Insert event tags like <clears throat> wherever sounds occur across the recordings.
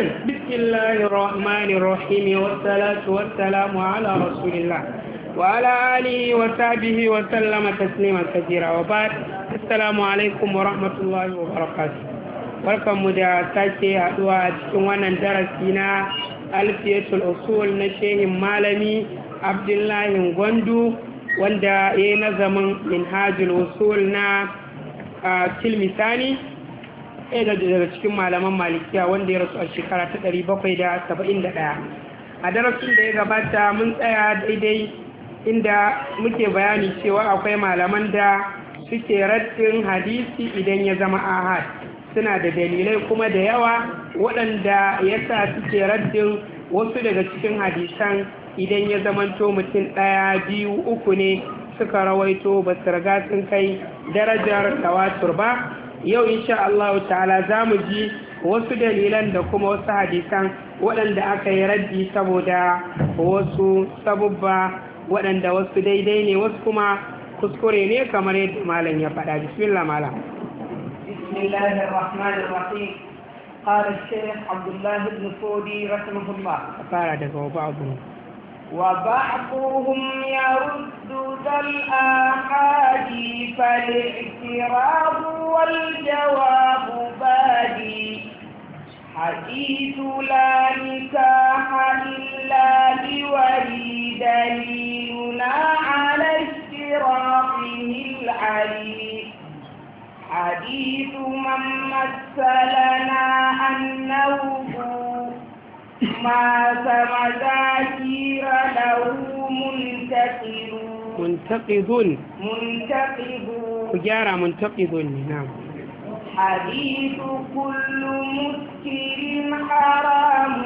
بسم الله الرحمن الرحيم والصلاة والسلام على رسول الله وعلى آله وصحبه وسلم تسليما كثيرا وبعد السلام عليكم ورحمة الله وبركاته mu da sake haɗuwa a cikin wannan darasi na alfiyatul usul na shehin malami abdullahi gwandu wanda ya yi nazamin minhajul usul na tilmisani ɗaya daga cikin malaman malikiya wanda ya rasu a shekara ta ɗari bakwai da saba'in da ɗaya a darasin da ya gabata mun tsaya daidai inda muke bayani cewa akwai malaman da suke raddin hadisi idan ya zama ahad suna da dalilai kuma da yawa waɗanda ya sa suke raddin wasu daga cikin hadisan idan ya zamanto mutum ɗaya biyu uku ne suka rawaito ba su riga sun kai darajar tawatur ba yau insha Allah ta'ala za mu ji wasu dalilan da kuma wasu hadisan waɗanda aka yi raddi saboda wasu sabubba waɗanda wasu daidai ne wasu kuma kuskure ne kamar yadda malam ya faɗa bismillah malam bismillahir rahmanir rahim قال الشيخ عبد الله بن فودي رحمه الله قال وبعضهم يرد ذا الآحاد فالاعتراض والجواب بادي حديث لا نكاح إلا بولي دليلنا على اشتراقه العلي حديث من مثلنا أنه ما مذاكير له منتقد منتقد منتقد وجارة منتقد نعم حديث كل مسكر حرام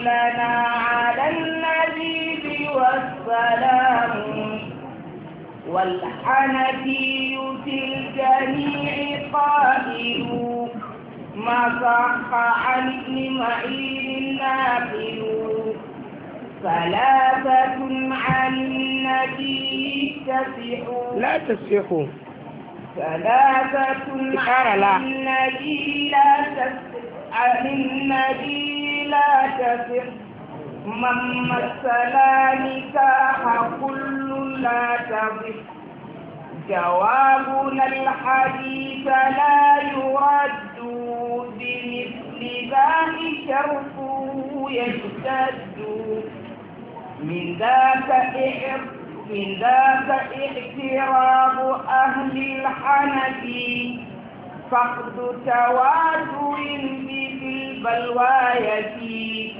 لنا على النبي والسلام والحنفي في الجميع قائل ما صح عن ابن معين ناقل ثلاثة عن النبي تسح لا تسح ثلاثة عن النبي لا تسح عن النبي لا تسح من السلام نكاح كل لا تصح جوابنا الحديث لا يرد بمثل ذلك من ذاك من ذاك احتراب أهل الحنك فقد تواتر في البلواية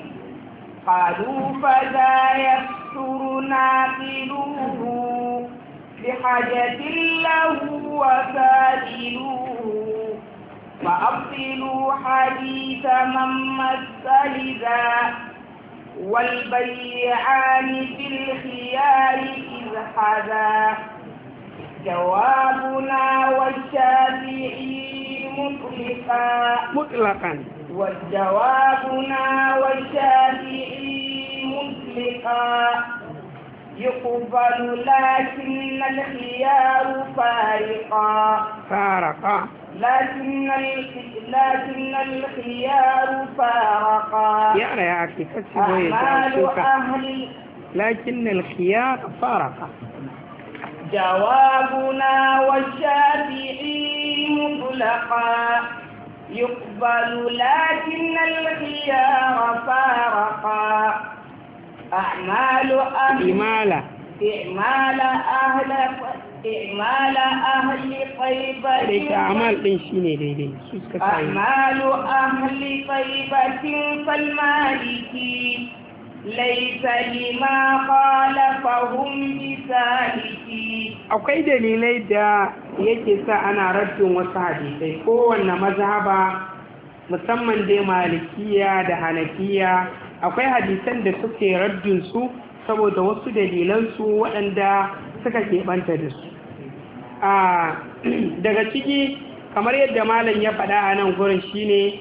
قالوا فذا يكثر ناقلوه بحاجة له وسائلوه فأبطلوا حديث من مس لذا والبيعان في الخيار إذ حذا جوابنا والشافعي مطلقا مطلقا وجوابنا والشافعي مطلقا يقبل لكن الخيار فارقا فارقا لكن لكن الخيار فارقا يعني يا أخي يا أهل لكن الخيار فارقا جوابنا والشافعي مطلقا يقبل لكن الخيار فارقا أعمال أهل إعمال أهل إعمال أهل طيبة أعمال بنشين بيدي أعمال أهل طيبة فالمالكي ليس لما قال فهم بسالكي akwai dalilai da yake sa ana rashin wasu hadisai kowanne mazhaba musamman dai malikiya da hanafiya akwai hadisan da suke raddin su saboda wasu dalilansu waɗanda suka keɓanta da su <clears throat> daga ciki kamar yadda malam ya faɗa a nan gurin shine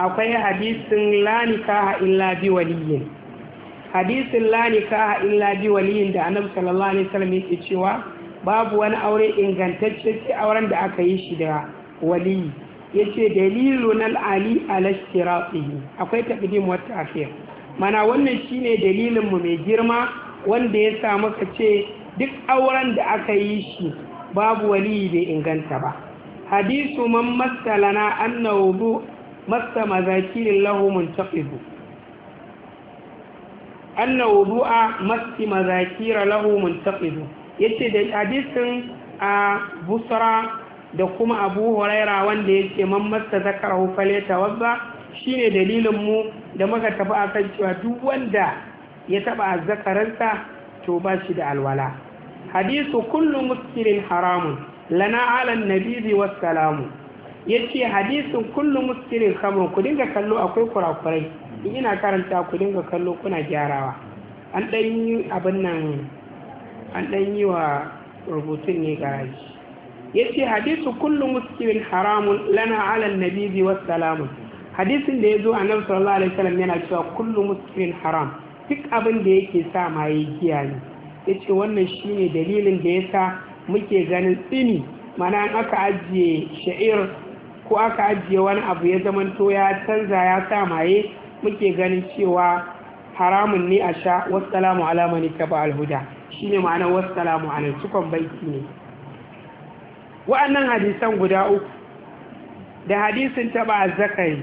akwai hadisin lanikaha illa bi waliyin hadisin lanikaha illa bi waliyin da annabi sallallahu alaihi wasallam yake cewa babu wani aure ingantacce sai auren da aka yi shi da waliyi yace dalilun al-ali ala akwai taqdim wa ta'khir mana wannan shine dalilinmu mai girma wanda ya sa muka ce duk auren da aka yi shi babu wali bai inganta ba hadisu man masalana annahu masa mazakirin lahu muntaqidu annahu du'a masi mazakira yace da hadisin a busra da kuma abu huraira wanda ce man masa ta wazza. shine dalilin mu da muka tafi kan cewa duk wanda ya taba zakaranta to ba shi da alwala hadisu kullum muskirin haramun lana ala nabizi Ya ce hadisun kullum muskirin kamar ku dinga kallo akwai kurakurai in ina karanta ku dinga kallo kuna gyarawa an ɗan yi abin nan an ɗan yi wa rubutun ne garaji ce hadisu kullum muskirin haramun lana alan nabizi wassalamu hadisin da ya zo a nan sallallahu alaihi wasallam yana cewa kullu muskirin haram duk abin da yake sa ma yi giya ne yace wannan shine dalilin da yasa muke ganin tsini mana an aka ajiye sha'ir ko aka ajiye wani abu ya zamanto ya canza ya sa maye muke ganin cewa haramun ne a sha wassalamu ala man ittaba alhuda shine ma'ana wassalamu ala sukan baiti ne wa'annan hadisan guda uku da hadisin taba zakari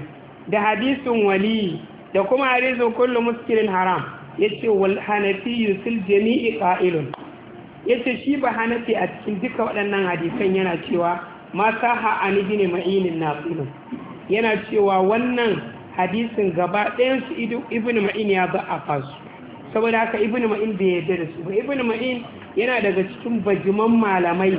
da hadisin wali da kuma hadisin kullum muskirin haram ce wal hanafi sil jami'i ya ce shi ba hanafi a cikin duka waɗannan hadisan yana cewa ma ha'ani gini ma'inin na naqilun yana cewa wannan hadisin gaba ɗayan su ibn ma'in ya ba a fasu saboda haka ibn ma'in bai yarda da su ba ibn ma'in yana daga cikin bajiman malamai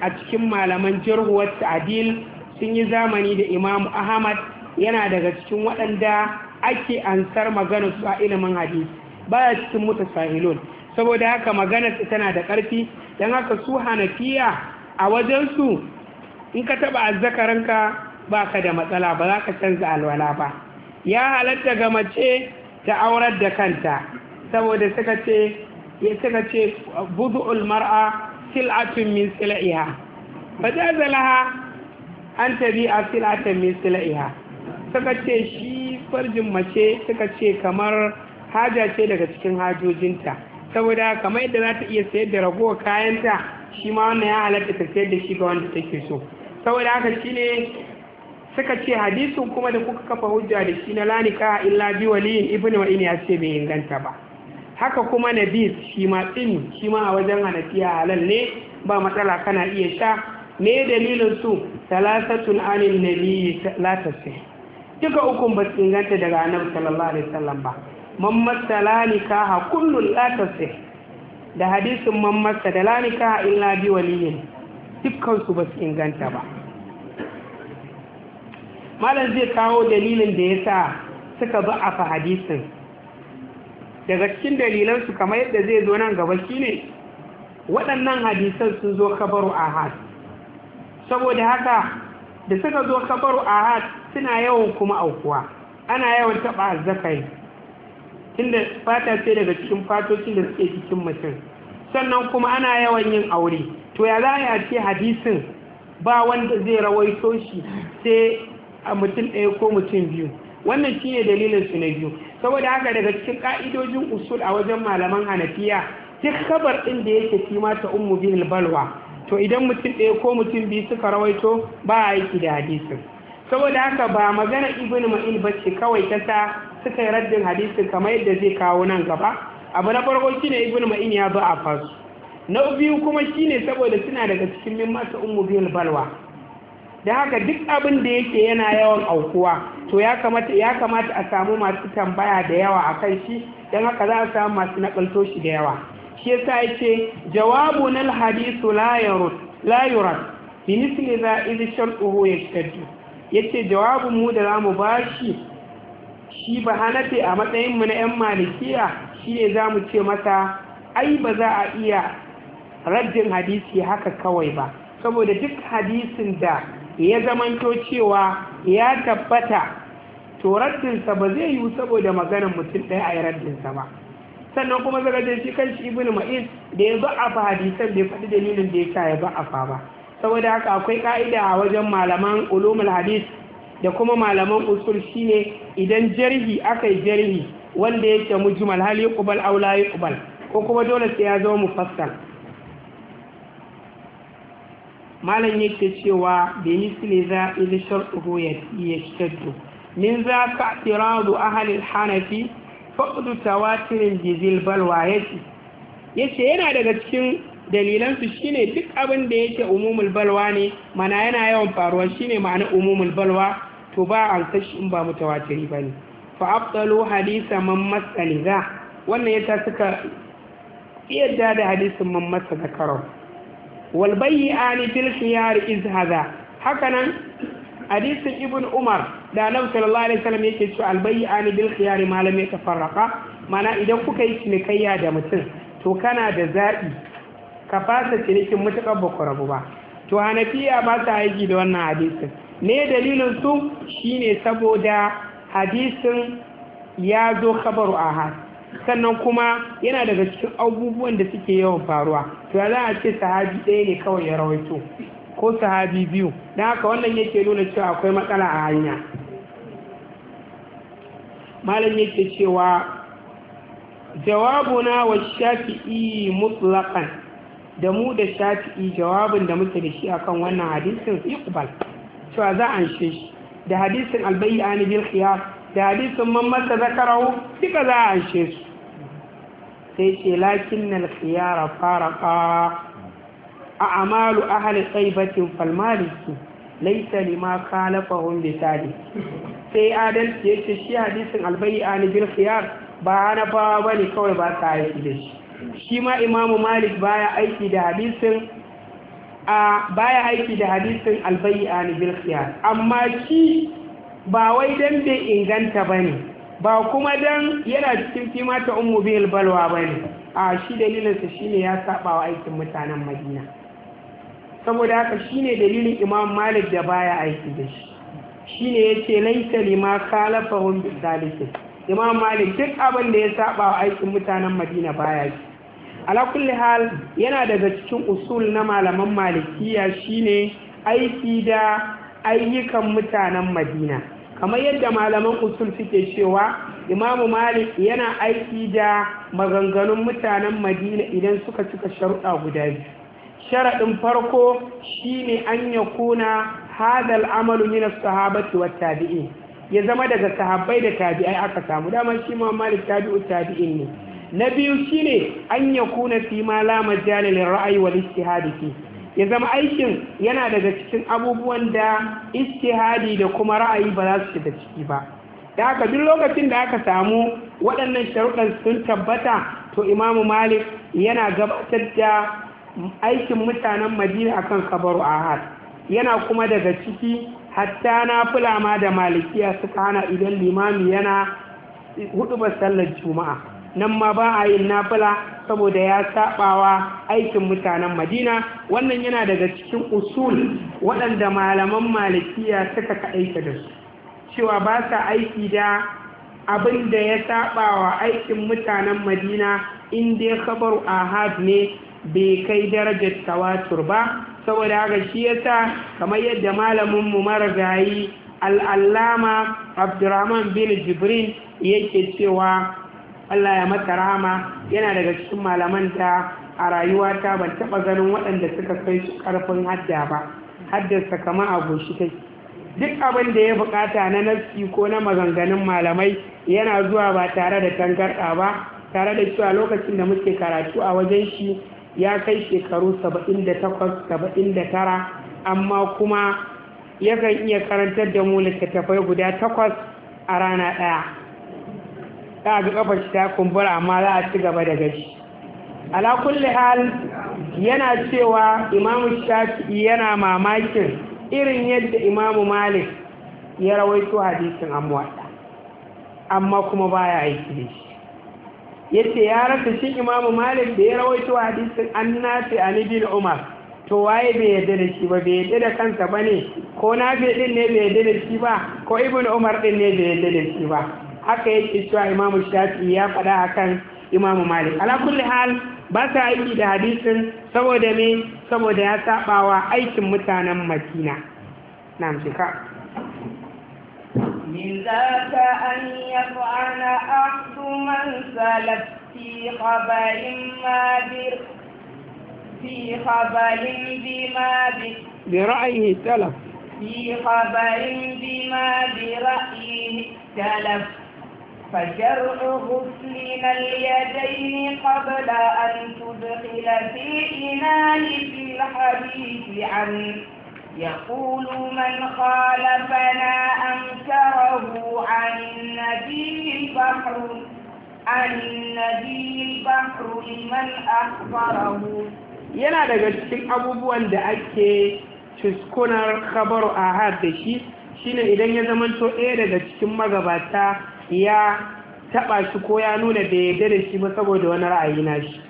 a cikin malaman jarhuwar ta'adil sun yi zamani da imamu ahmad yana daga cikin waɗanda ake ansar maganar su a ilimin hadisi ba baya cikin mutasahilun saboda haka maganar su tana da ƙarfi don haka su hanafiya a wajensu. in ka taɓa azzakarinka ba ka da matsala ba za ka canza alwala ba ya halatta ga mace ta aurar da kanta saboda suka ce ya suka ce budu'ul mar'a sil'atun min Ba fa jazalaha an tabi a sil'atan min sila'iha suka ce shi farjin mace suka ce kamar haja ce daga cikin hajojinta saboda kamar yadda za ta iya sayar da ragowar kayanta shi ma wannan ya halatta ta sayar da shi ga wanda take so saboda haka shine suka ce hadisin kuma da kuka kafa hujja da shi na lanika illa bi waliyin ibnu wa ya ce bai inganta ba haka kuma bis shi ma tsini shi ma a wajen hanafiya halal ne ba matsala kana iya sha me dalilin su talatatun anil nabi la duka uku ba su inganta daga annabi sallallahu alaihi wasallam ba man masala nikaha kullun la tasih da hadisin man masala la nikaha illa bi waliyin dukkan su ba su inganta ba malam zai kawo dalilin da yasa suka ba a fa hadisin daga cikin dalilan su kamar yadda zai zo nan gaba shine waɗannan hadisan sun zo kabaru ahad saboda haka da suka zo kabaru ahad suna yawan kuma aukuwa ana yawan taɓa zakai tunda fata ce daga cikin fatocin da suke cikin mutum sannan kuma ana yawan yin aure to ya za a ce hadisin ba wanda zai rawaito shi sai a mutum ɗaya ko mutum biyu wannan shine ne dalilin su na biyu saboda haka daga cikin ƙa'idojin usul a wajen malaman hanafiya duk kabar ɗin da yake fi mata ummu balwa to idan mutum ɗaya ko mutum biyu suka rawaito ba a aiki da hadisin saboda haka ba magana ibn ma'in ba ce kawai ta sa suka yi raddin hadisin kamar yadda zai kawo nan gaba abu na farko shine ibn ma'in ya ba a fasu na biyu kuma shi ne saboda suna daga cikin min masa ummu biyu balwa da haka duk abin da yake yana yawan aukuwa to ya kamata ya kamata a samu masu tambaya da yawa a akan shi don haka za a samu masu nakalto shi da yawa shi yasa yace nal na la yurad la yurad bi misli za idh shartuhu yashtaddu yace jawabu mu da zamu bashi shi ba hanafi a matsayin mu na yan malikiya shine zamu ce masa ai ba za a iya raddin hadisi haka kawai ba saboda duk hadisin da ya zamanto cewa ya tabbata to raddinsa ba zai yiwu saboda maganar mutum ɗaya a yi raddinsa ba sannan kuma zaga da shi kan shi ibn ma'in da ya ba'afa hadisan bai faɗi dalilin da ya sa ya ba'afa ba saboda haka akwai ka'ida a wajen malaman ulumul hadis da kuma malaman usul shine idan jarhi aka yi jarhi wanda yake mujmal hal yuqbal aw la yuqbal ko kuma dole sai ya zama mufassal malam yake cewa bi misli za idh ya yashtaddu min za ka tiradu ahli al-hanafi faƙudu tawatirin jizil balwa ya ce ya yana daga cikin dalilansu shine duk abin da yake umumul balwa ne mana yana yawan faruwa shine ma'ana umumul balwa to ba an sashi in ba mutawatiri ba ne fa afdalu hadisa man za wannan yasa suka yadda da hadisin man masa karau wal bayyi ani fil khiyar iz hakanan hadisin ibn umar da annabi sallallahu alaihi wasallam yake cewa albayyani bil khiyari ma lam yatafarraqa mana idan kuka yi cinikayya da mutum to kana da zaɓi ka fasa cinikin mutukar ba rabu ba to hanafiya ba ta aiki da wannan hadisin ne dalilin su shine saboda hadisin ya zo khabaru ahad sannan kuma yana daga cikin abubuwan da suke yawan faruwa to ya za a ce sahabi ɗaya ne kawai ya rawaito ko sahabi biyu da haka wannan yake nuna cewa akwai matsala a hanya malam yake cewa jawabuna wa shafi'i mutlaqan da mu da shafi'i jawabin da muke da shi akan wannan hadisin iqbal cewa za a shi da hadisin albayi bil khiyar da hadisin man masa zakarahu duka za a anshe sai ce lakin khiyara faraqa a amalu ahli tsaibatin falmaliki laisa lima khalafahum bi sadi sai adalci yace shi hadisin albayi an bil khiyar ba na fa bane kawai ba ta da shi shi ma imamu malik baya aiki da hadisin a baya aiki da hadisin albayi an bil khiyar amma shi ba wai dan bai inganta bane ba kuma dan yana cikin kimata ta ummu bil balwa bane a shi dalilinsa shine ya saba wa aikin mutanen madina saboda haka shine dalilin imam malik da baya aiki da shi shine yace laita lima khalafahum bi imam malik duk abin da ya saba wa aikin mutanen madina baya yi ala kulli hal yana daga cikin usul na malaman malikiya shine aiki da ayyukan mutanen madina kamar yadda malaman usul suke cewa Imam malik yana aiki da maganganun mutanen madina idan suka cika sharuɗa guda biyu sharaɗin farko shine an ya kuna hadal amalu min as-sahabati wat ya zama daga sahabbai da tabi'ai aka samu damar shi ma malik tabi'u tabi'in ne na biyu shine an ya kuna fi ma la majali lil ra'yi wal ijtihad ya zama aikin yana daga cikin abubuwan da ijtihadi da kuma ra'ayi ba za su shiga ciki ba da aka duk lokacin da aka samu waɗannan sharuɗan sun tabbata to imamu malik yana gabatar da aikin mutanen madina akan kabaru ahad yana kuma daga ciki hatta na fulama da malikiya suka hana idan limami yana hudu ba sallar juma'a nan ma ba a yin nafula saboda ya sabawa aikin mutanen madina wannan yana daga cikin usul waɗanda malaman malikiya suka kaɗaita da su cewa ba sa aiki da abin da ya sabawa aikin mutanen madina in dai kabaru ahad ne bai kai darajar tawatur ba saboda haka shi yasa kamar yadda malamin mu marigayi al'allama abdurrahman bin jibrin yake cewa allah ya mata rahama yana daga cikin malaman ta a rayuwata ban taba ganin waɗanda suka kai su ƙarfin hadda ba haddasa kamar goshi kai duk abin da ya bukata na nafsi ko na maganganun malamai yana zuwa ba tare da tangarɗa ba tare da cewa lokacin da muke karatu a wajen shi ya kai shekaru da tara, amma kuma yakan iya karantar da mu littattafai guda takwas a rana ɗaya za a ga ƙafar shi ta kumbura amma za a ci gaba da gashi alakulli hal yana cewa imamu shafi yana mamakin irin yadda imamu malik ya rawaito hadisin amma amma kuma baya aiki da shi yace ya rasa shi imamu malik da ya rawaito hadisin an nafi umar to waye bai yarda da shi ba bai yarda da kansa ba ne ko nafi din ne bai yarda da shi ba ko ibn umar din ne bai yarda da shi ba haka yake cewa imamu shafi ya faɗa akan imamu malik ala kulli hal ba sa aiki da hadisin saboda me saboda ya sabawa aikin mutanen makina na amshika لذاك أن يفعل أحد من سلف في خبر ما بر في خبر بما بر برأيه سلف في خبر بما برأيه سلف فجرعه غسل اليدين قبل أن تدخل في إناء في الحديث عنه يقول من خالفنا أنكره عن النبي البحر عن النبي البحر لمن أخبره yana daga cikin abubuwan da ake cuskunar khabaru ahad da shi shine idan ya zamanto ɗaya daga cikin magabata ya taɓa shi ko ya nuna da yadda da shi ba saboda wani ra'ayi na shi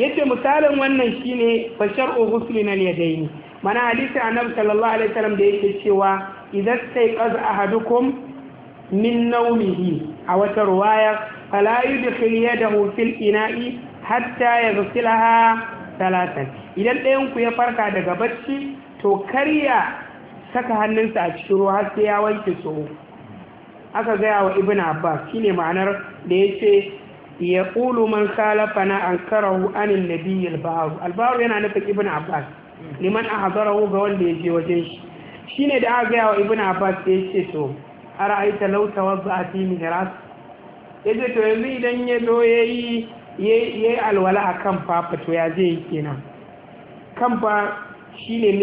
yace misalin wannan shine bashar ughusli nan ya daini mana hadisi annabi sallallahu alaihi wasallam da yake cewa idan sai qaz ahadukum min na'umihi a wata ruwaya fala yudkhil yadahu fil ina'i hatta yaghsilaha talatan idan ɗayan ku ya farka daga bacci to karya saka hannunsa a cikin ruwa har sai ya wanke so aka gaya wa ibn abbas shine ma'anar da yace ya qulu man khalafa na ankarahu anil nabiyil bahru al yana nufin ibn abbas liman a ahzarahu ga wanda ya je wajen shi Shi ne da aka gaya wa ibnu abbas ya ce to lauta law a fi ya ce to yanzu idan ya zo yayi yayi alwala kan fafa to ya zai kenan kan fa shine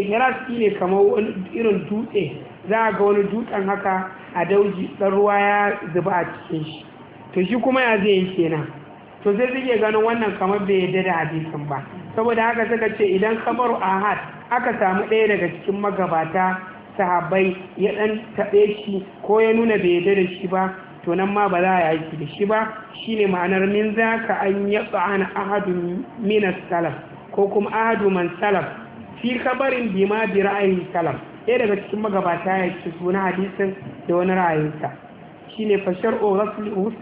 shi ne kamar irin dutse za a ga wani dutsen haka a dauji ɗan ruwa ya zuba a cikin shi to shi kuma ya zai kenan to zai zai ganin wannan kamar bai yadda da hadisin ba saboda haka suka ce idan kamaru ahad aka samu ɗaya daga cikin magabata sahabbai ya ɗan taɓe shi ko ya nuna bai yarda da shi ba to nan ma ba za a yi da shi ba shine ma'anar min za ka an yi tsa'ana ahadu minas salaf ko kuma ahadu man salaf fi kabarin ma bi ra'ayin salaf ɗaya daga cikin magabata ya ci suna hadisin da wani ra'ayinsa shine fashar shar'u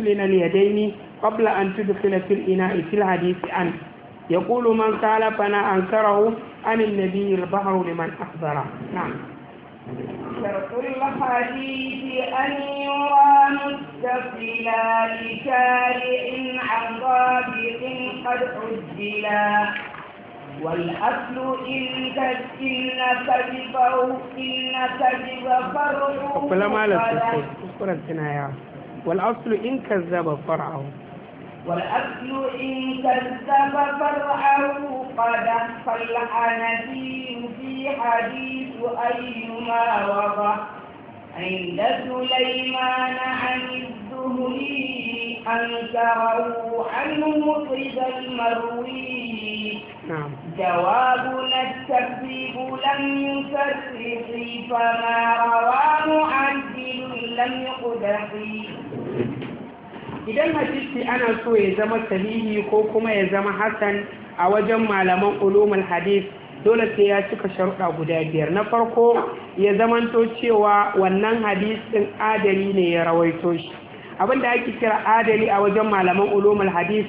ya liyadaini qabla an tudkhila fil ina'i fil hadisi an يقول من خالفنا أنكره عن النبي البحر لمن أخبره نعم شرط الحديث أن يرى مستقلا لشارع عن ضابط قد عجلا والأصل إن كذب كذبه إن كذب فرعه فلما لم تكن والأصل إن كذب فرعه والأكل إن كذب فرعه قد فالحنفي في حديث أيما وضع عند سليمان عن الزهري أنكره عن مطرب المروي نعم. جوابنا التكذيب لم يفرق فما رواه معدل لم يقدح idan hadisi ana so ya zama sahihi ko kuma ya zama hasan a wajen malaman ulumul hadis dole sai ya cika sharuɗa guda biyar na farko ya zamanto cewa wannan hadisin adali ne ya rawaito shi abin da ake kira adali a wajen malaman ulumul hadis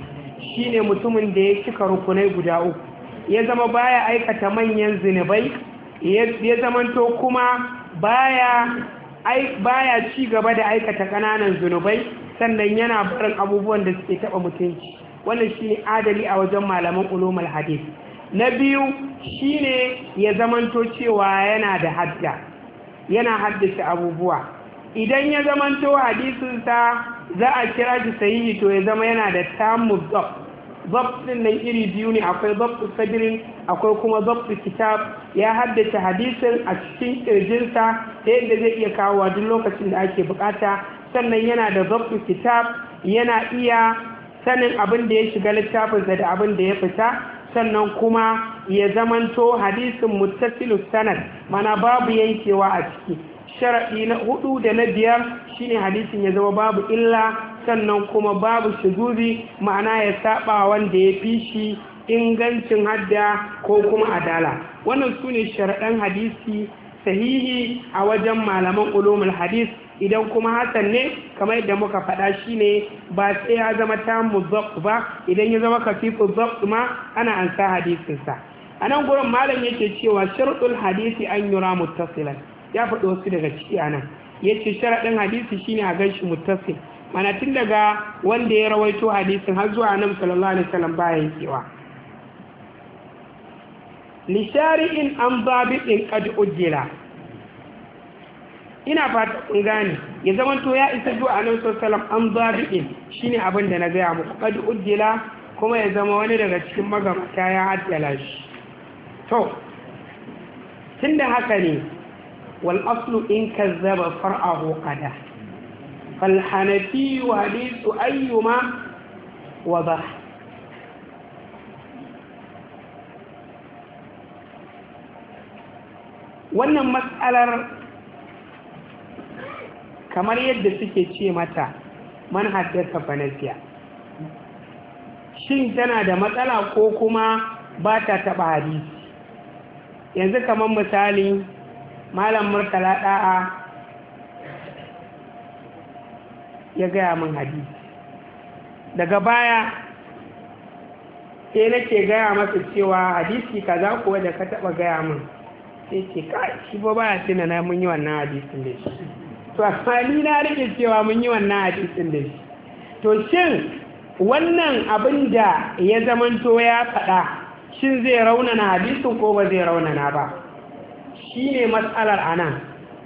shine mutumin da ya cika rukunai guda uku ya zama baya aikata manyan zinubai ya zamanto kuma baya baya ci gaba da aikata ƙananan zunubai sannan yana barin abubuwan da suke taɓa mutunci wannan shi ne adali a wajen malaman ulumul hadis na biyu shi ne ya zamanto cewa yana da hadda yana haddace abubuwa idan ya zamanto hadisinsa za a kira shi sahihi to ya zama yana da tamu zab zab din nan iri biyu ne akwai zabtu sadirin akwai kuma zabtu kitab ya haddace hadisin a cikin kirjinsa ta yadda zai iya kawowa duk lokacin da ake bukata sannan yana da zabtu kitab yana iya sanin abin da ya shiga littafinsa da abin da ya fita sannan kuma ya zamanto hadisin muttasilu sanad mana babu yankewa a ciki sharaɗi na hudu da na biyar shine hadisin ya zama babu illa sannan kuma babu shiguzi ma'ana ya saba wanda ya fi shi ingancin hadda ko kuma adala wannan sune ne sharaɗan hadisi sahihi a wajen malaman ulumul hadis idan kuma hasan ne kamar yadda muka faɗa shi ne ba sai ya zama ta muzak ba idan ya zama kafifu zak ma ana an sa hadisinsa a nan gurin malam yake cewa sharɗul hadisi an yura muttasilan ya faɗi wasu daga ciki a nan ya ce sharaɗin hadisi shine a gan shi muttasil mana tun daga wanda ya rawaito hadisin har zuwa nan sallallahu alaihi wasallam yi kewa. lishari'in an babiɗin ƙad ujjila ina fata kun gane ya zamanto ya isa zuwa a sosalam an babiɗin shi ne abin da na gaya muku ƙad ujjila kuma ya zama wani daga cikin magabata ya haddala shi to tun da haka ne wal aslu in kazzaba far'ahu qada fal hanafi wa su ayyuma wa wannan matsalar kamar yadda suke ce mata manhajar kafanasiya shin tana da matsala ko kuma ba ta taɓa hadisi yanzu kamar misali malam murtala ɗa'a ya gaya min hadisi daga baya sai nake gaya masa cewa hadisi kaza kuwa da ka taɓa gaya min sai ce kai shi ba baya tuna na mun yi wannan hadisin da shi to amma ni na rike cewa mun yi wannan hadisin da shi to shin wannan abin da ya zamanto ya faɗa shin zai raunana hadisin ko ba zai raunana ba shi ne matsalar anan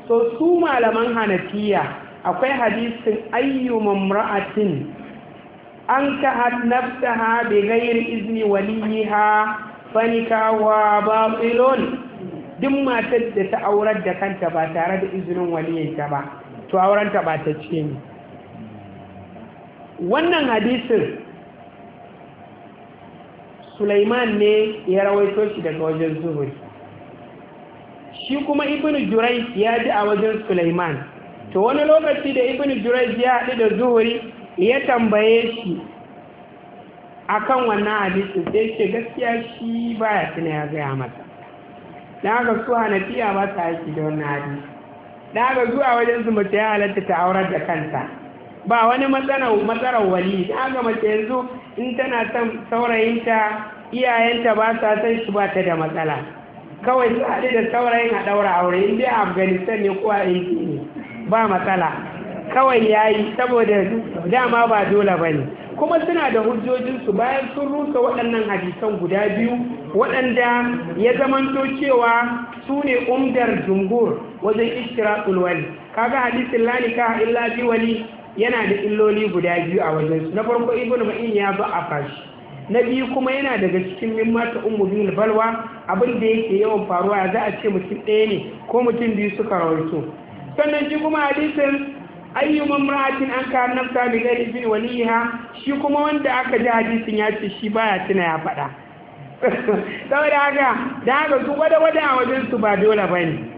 so su malaman hanafiya akwai hadisin ayyu ra'atin an ka hannabta bai izni izini waliyi ha fanikawa ba duk matar da ta aurar da kanta ba tare da izinin waliyinta ba to aurenta ba ta ce ne wannan hadisin Sulaiman ne ya rawaito shi daga wajen zuhuri shi kuma ibn Jurai ya ji a wajen Sulaiman to wani lokaci da ibn Jurai ya haɗu da zuhuri ya tambaye shi akan wannan hadisin sai ce gaskiya shi baya tuna ya gaya mata da haka su fiya ba ta aiki da wani hadi da aka zuwa wajen su mace ya halatta ta aurar da kanta ba wani matsarar wali da aka mace yanzu in tana son saurayinta iyayenta ba sa san shi ba ta da matsala kawai su haɗu da saurayin a ɗaura aure in dai afghanistan ne ko a ne ba matsala kawai ya yi saboda dama ba dole ba ne kuma suna da hujjojinsu bayan sun rusa waɗannan hadisan guda biyu waɗanda ya zamanto cewa su ne umdar jumhur wajen ishtiratul ulwali kaga hadisin lalika illa bi wani yana da illoli guda biyu a wajen na farko ibnu ma'in ya ba a fashi na biyu kuma yana daga cikin mimma ta ummu balwa abin da yake yawan faruwa za a ce mutum ɗaya ne ko mutum biyu suka rawaito sannan shi kuma hadisin ayyu mamra'atin an ka nafsa bi gari bin waliha shi kuma wanda aka ji hadisin ya ce shi baya tuna ya faɗa <laughs> saboda haka da haka su wada wada a wajen su ba dole bane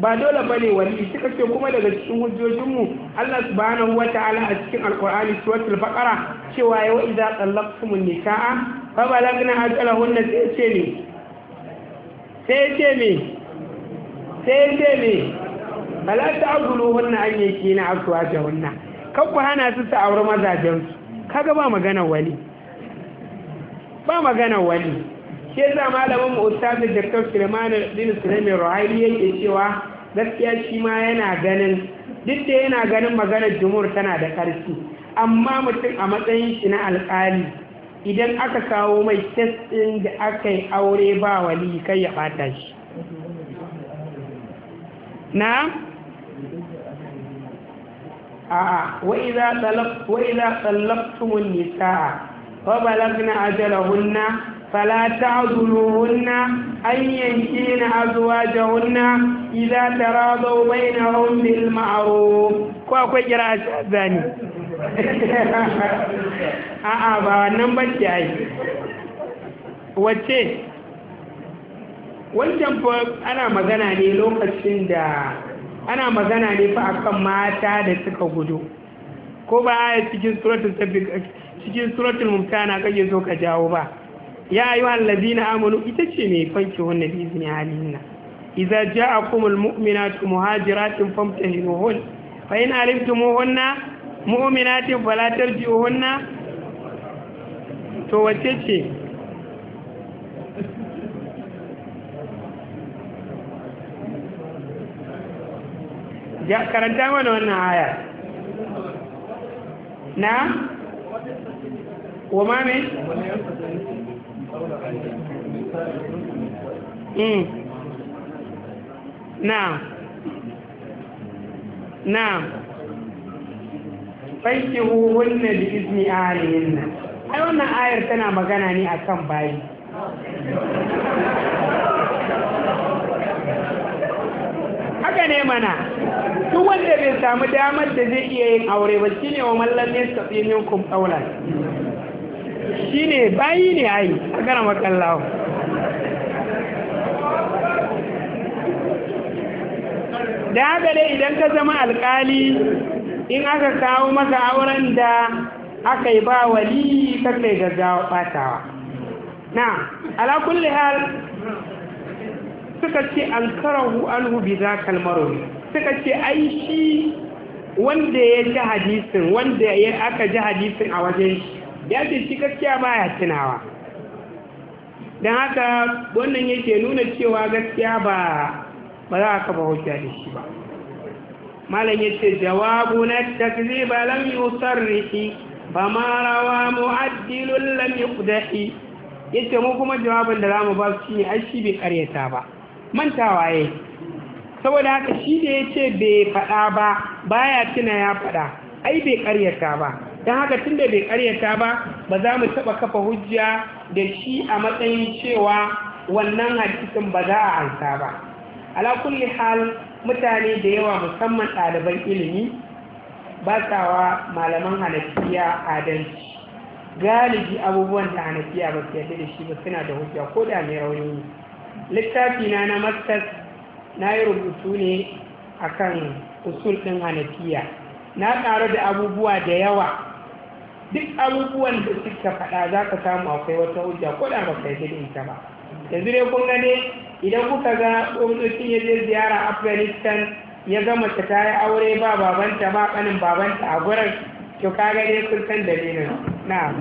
ba dole bane wani ka ce kuma daga cikin hujjojin mu Allah subhanahu wata'ala a cikin alqur'ani suratul baqara cewa ya wa idza tallaqtumun nikaa fa balagna ajalahunna sai ce ne sai ce ne sai ce ne bala ta agulu wannan an yake na asuwa da wannan kan ku hana su ta auri su. kaga ba magana wani ba magana wani shi za malamin mu ustazin dr suleiman bin suleiman rahali yake cewa gaskiya shi ma yana ganin duk da yana ganin maganar jumur tana da karfi amma mutum a matsayin shi na alkali idan aka kawo mai testin ɗin da aka yi aure ba wali kai ya bata shi na a'a wa idza talaq wa idza talaqtumun nisaa fa balagna ajalahunna fala ta'dhuluhunna an yankina azwajahunna idza taradaw bainahum bil ma'ruf ko akwai kira zani <laughs> a'a ba wannan bace ai wacce wancan ana magana ne lokacin da ana magana ne fa akan mata da suka gudu ko ba a cikin suratul sabbiq cikin suratul mumtana kake zo ka jawo ba ya ayu allazina amanu ita ce ne fanki wannan izini halinna idza ja'akumul mu'minatu muhajiratin famtahinuhun fa in alimtumuhunna mu'minatin fala tarji'uhunna to wace ce karanta mana wannan aya na wa mame mm. na na fanki huhunna da izini alihin nan ai wannan ayar tana magana ne a kan bayi haka ne mana duk wanda bai samu damar da zai iya yin aure ba shine wa mallan ya tafi min ɗaura shi ne bayi ne ai a gara makallawa da haka dai idan ka zama alkali in aka kawo maka auren da aka yi ba wali kakai gaggawa batawa na ala kulli hal suka ce an karahu an hubi za kalmaru suka ce ai shi wanda ya ji hadisin wanda ya aka ji hadisin a wajen shi ya ce shi gaskiya ya tunawa don haka wannan yake nuna cewa gaskiya ba ba za a kafa hujja da shi ba malam ya ce jawabu na takziba lam yusarrihi ba ma rawa mu'addilun lam yuqdahi yace mu kuma jawabin da zamu ba shi ai shi bai karyata ba mantawa ya saboda haka shi da ya ce bai faɗa ba baya tuna ya faɗa ai bai ƙaryata ba don haka tun da bai ƙaryata ba ba za mu taɓa kafa hujja da shi a matsayin cewa wannan hadisin ba za a ansa ba ala kulli hal mutane da yawa musamman ɗaliban ilimi ba sa wa malaman hanafiya adalci galibi abubuwan da hanafiya ba su yarda da shi ba suna da hujja ko da mai rauni littafi na na maktas na yi rubutu ne akan usul ɗin hanafiya na ƙaru da abubuwa da yawa duk abubuwan da suka faɗa za ka samu akwai wata hujja ko da ba kai yi ta ba yanzu dai kun gane idan kuka ga gwamnatocin ya je ziyara afghanistan ya gama ta ta yi aure ba babanta ba kanin babanta a gurin to ka gane sun san dalilin na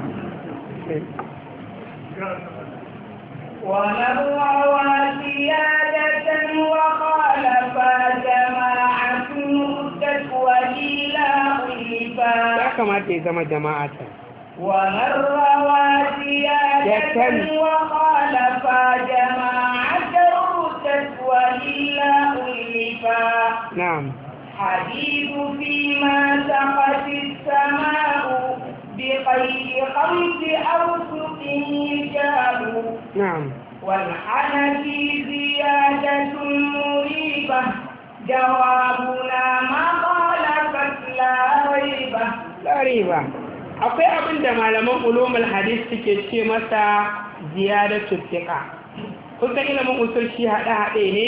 ولو رواسي عادة وخالفا جماعة مؤتت وإلى خلفا لا كما تزم جماعة ومن رواسي عادة وخالفا جماعة مؤتت وإلى خلفا نعم حديث فيما سقت السماء بغير خمس أو نعم والحنفي زيادة مريبة جوابنا ما خالفت لا ريبة لا ريبة akwai abin da malaman ulumul hadis suke ce masa ziyadatu thiqa kusa ilimin usul haɗe-haɗe ne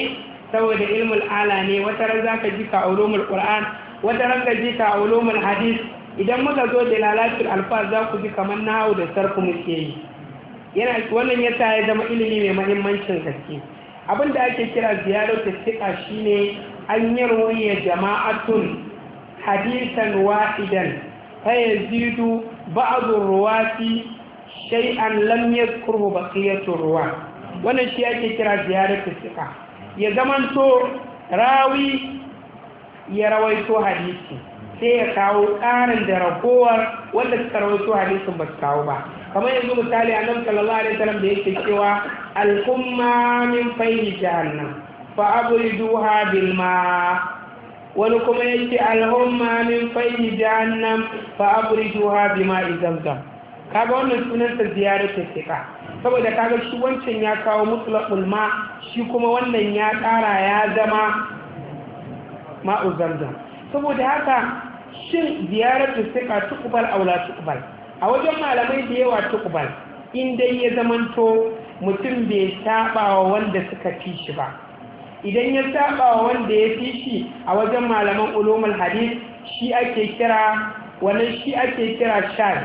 saboda ilmul ala ne wata ran ka ji ka ulumul qur'an wata ran ka ji ka ulumul hadis idan muka zo da lalatul alfaz za ku ji kamar nahawu da Sarku muke yi yana wannan yasa ya zama ilimi mai mahimmancin gaske abin da ake kira ziyarar shi shine an yi ruwaya jama'atun hadisan wa'idan fa shai an lamye kurhu ba su yato ruwa wannan shi ake kira ziyarar tsika ya zamanto rawi ya rawaito hadisi sai ya kawo karin da ragowar wanda suka rawaito hadisin ba su kawo ba kamar yanzu misali a nan sallallahu alaihi wasallam da yake cewa al kumma min fayl jahannam fa abriduha bil ma wani kuma yake al humma min fayl jahannam fa abriduha bima izamzam kaga wannan sunan ta ziyarar tafiqa saboda kaga shi wancan ya kawo mutlaqul ma shi kuma wannan ya kara ya zama ma'u zamzam saboda haka shin ziyarar tafiqa tuqbal tukubal aula tukubal a wajen malamai da yawa tukubal inda ya zamanto mutum bai saba wa wanda suka fi shi ba idan ya saba wa wanda ya fi shi a wajen malaman ulumul hadis shi ake kira wannan shi ake kira shar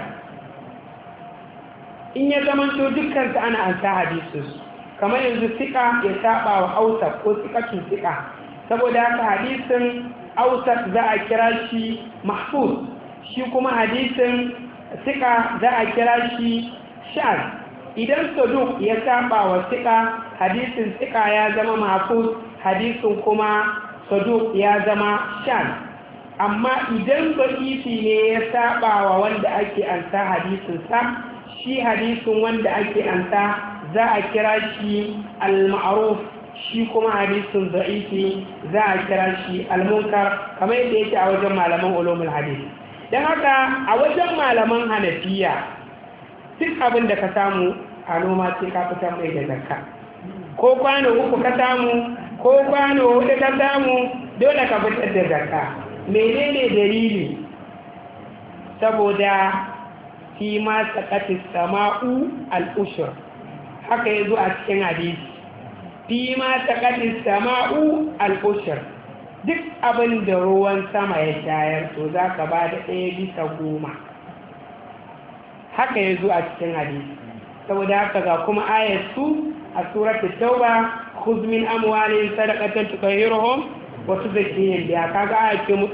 in ya zamanto dukkan ana an sa hadisus kamar yanzu sika ya saba wa hausa ko sikatun sika saboda haka hadisin hausa za a kira shi mahfuz shi kuma hadisin sika za a kira shi shaz idan saduk ya saba wa sika hadisin sika ya zama mafus hadisin kuma saduk ya zama shaz amma idan bakifi ne ya saba wa wanda ake ansa hadisin sa shi hadisin wanda ake ansa za a kira shi al-ma'ruf shi kuma hadisin za'ifi za a kira shi al-munkar kamar yadda yake a wajen malaman ulumul hadisi don haka a wajen malaman hanafiya duk abin da ka samu a noma ce ka fi samu da zakka ko kwano uku ka samu ko kwano hudu ka samu dole ka fitar da zakka menene dalili saboda fi ma sakati sama'u al'ushur haka zo a cikin hadisi fi ma sakati sama'u al'ushur duk abin da ruwan sama ya shayar to za ka ba da ɗaya bisa goma haka ya zo a cikin hadisi saboda haka ga kuma ayar su a surat tauba khudh min amwalihim wasu wasu wa tuzakkihim biha kaga ayar ce Sau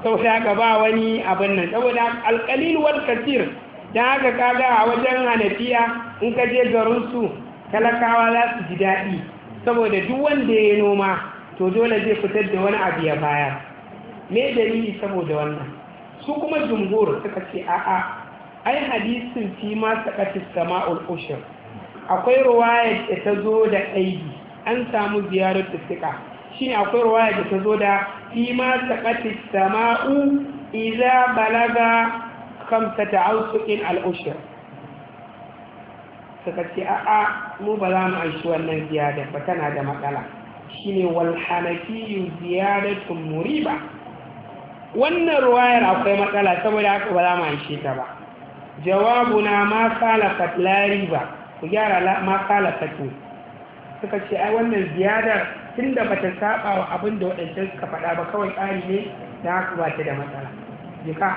saboda haka ba wani abin nan saboda alqalil wal kathir dan haka kaga a wajen hanafiya in ka je garin talakawa za su ji daɗi saboda duk wanda ya yi noma to dole zai fitar da wani abu ya baya me dalili saboda wannan su kuma jumhur suka ce a'a ai hadisin fi ma sakati sama'ul ushur akwai ruwaya da ta zo da aidi an samu ziyarar tsika shine akwai ruwaya da ta zo da fi ma sakati sama'u idza balaga khamsata awsuqin al ushur suka ce a'a mu ba za mu aishi wannan ziyarar ba tana da matsala shine wal hanafi ziyadatun muriba wannan ruwayar akwai matsala saboda haka ba za mu anshe ta ba jawabuna ma khalafat la riba ku gyara ma khalafat suka ce ai wannan ziyadar tunda bata saba wa abin da wadannan suka faɗa ba kawai tsari ne da haka ba ta da matsala jika